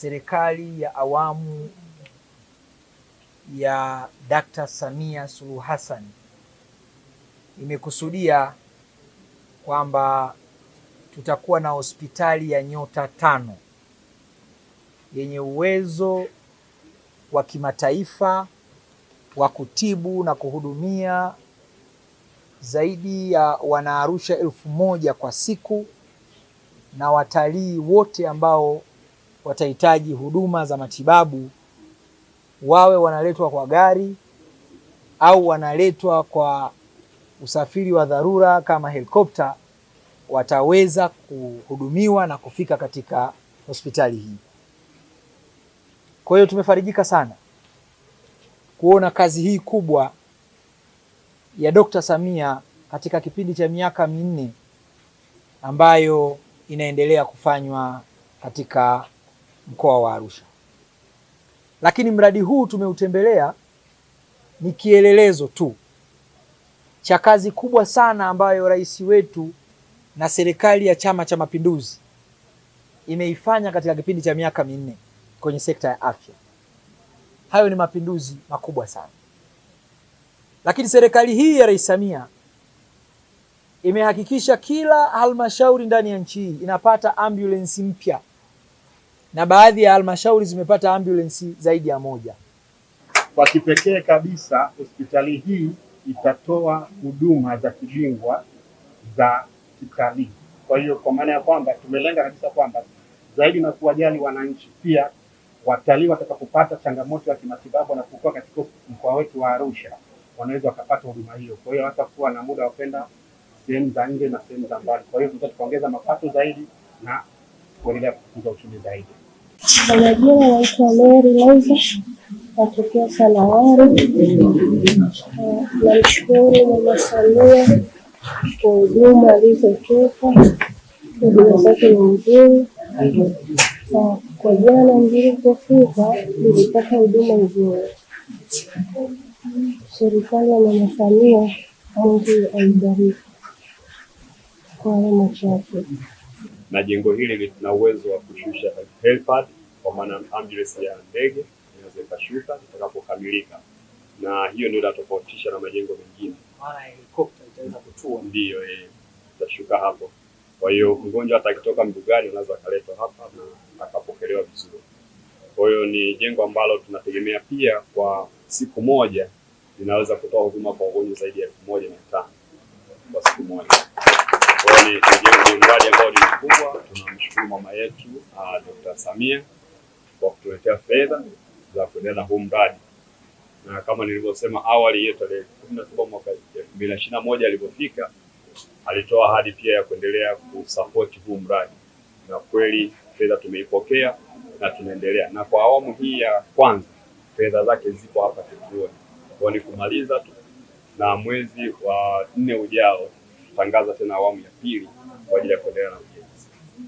serikali ya awamu ya Dkt. Samia Suluhu Hassan imekusudia kwamba tutakuwa na hospitali ya nyota tano yenye uwezo wa kimataifa wa kutibu na kuhudumia zaidi ya Wanaarusha elfu moja kwa siku na watalii wote ambao watahitaji huduma za matibabu wawe wanaletwa kwa gari au wanaletwa kwa usafiri wa dharura kama helikopta, wataweza kuhudumiwa na kufika katika hospitali hii. Kwa hiyo tumefarijika sana kuona kazi hii kubwa ya Dokta Samia katika kipindi cha miaka minne ambayo inaendelea kufanywa katika mkoa wa Arusha. Lakini mradi huu tumeutembelea ni kielelezo tu cha kazi kubwa sana ambayo rais wetu na serikali ya Chama cha Mapinduzi imeifanya katika kipindi cha miaka minne kwenye sekta ya afya. Hayo ni mapinduzi makubwa sana, lakini serikali hii ya Rais Samia imehakikisha kila halmashauri ndani ya nchi hii inapata ambulensi mpya na baadhi ya halmashauri zimepata ambulensi zaidi ya moja. Kwa kipekee kabisa, hospitali hii itatoa huduma za kibingwa za kitalii. Kwa hiyo kwa maana ya kwamba tumelenga kabisa kwamba zaidi na kuwajali wananchi, pia watalii watakapopata changamoto ya kimatibabu na kukua katika mkoa wetu wa Arusha wanaweza wakapata huduma hiyo. Kwa hiyo hata kuwa na muda wa kwenda sehemu za nje na sehemu za mbali. Kwa hiyo tutaongeza mapato zaidi na kuendelea kukuza uchumi zaidi. Kwa majina naitwa Mary Laizer natokea Sanawari. Namshukuru Mama Samia kwa huduma alizotupa, huduma zake ni nzuri. Kwa jana nilipofika nilipata huduma nzuri. Serikali ya Mama Samia, Mungu aibariki. kwa hayo machache na jengo hili lina uwezo wa kushusha helipad kwa maana ambulance ya ndege inaweza ikashuka itakapokamilika, na hiyo ndio inatofautisha na majengo mengine. Ndio eh, itashuka hapo. Kwa hiyo mgonjwa hata akitoka mbugani anaweza akaletwa hapa na akapokelewa vizuri. Kwa hiyo ni jengo ambalo tunategemea pia kwa siku moja linaweza kutoa huduma kwa wagonjwa zaidi ya elfu moja mia tano kwa siku moja. Kwa hiyo ni mradi ambao ni mkubwa. Tunamshukuru mama yetu ah, Dr. Samia kwa kutuletea fedha za kuendelea na huu mradi, na kama nilivyosema awali, hiyo tarehe kumi na saba mwaka elfu mbili na ishirini na moja alipofika alitoa ahadi pia ya kuendelea kusapoti huu mradi, na kweli fedha tumeipokea na tunaendelea na kwa awamu hii ya kwanza fedha zake zipo hapa kituoni, kwa ni kumaliza tu, na mwezi wa nne ujao tutangaza tena awamu ya pili. pode lhe acolher.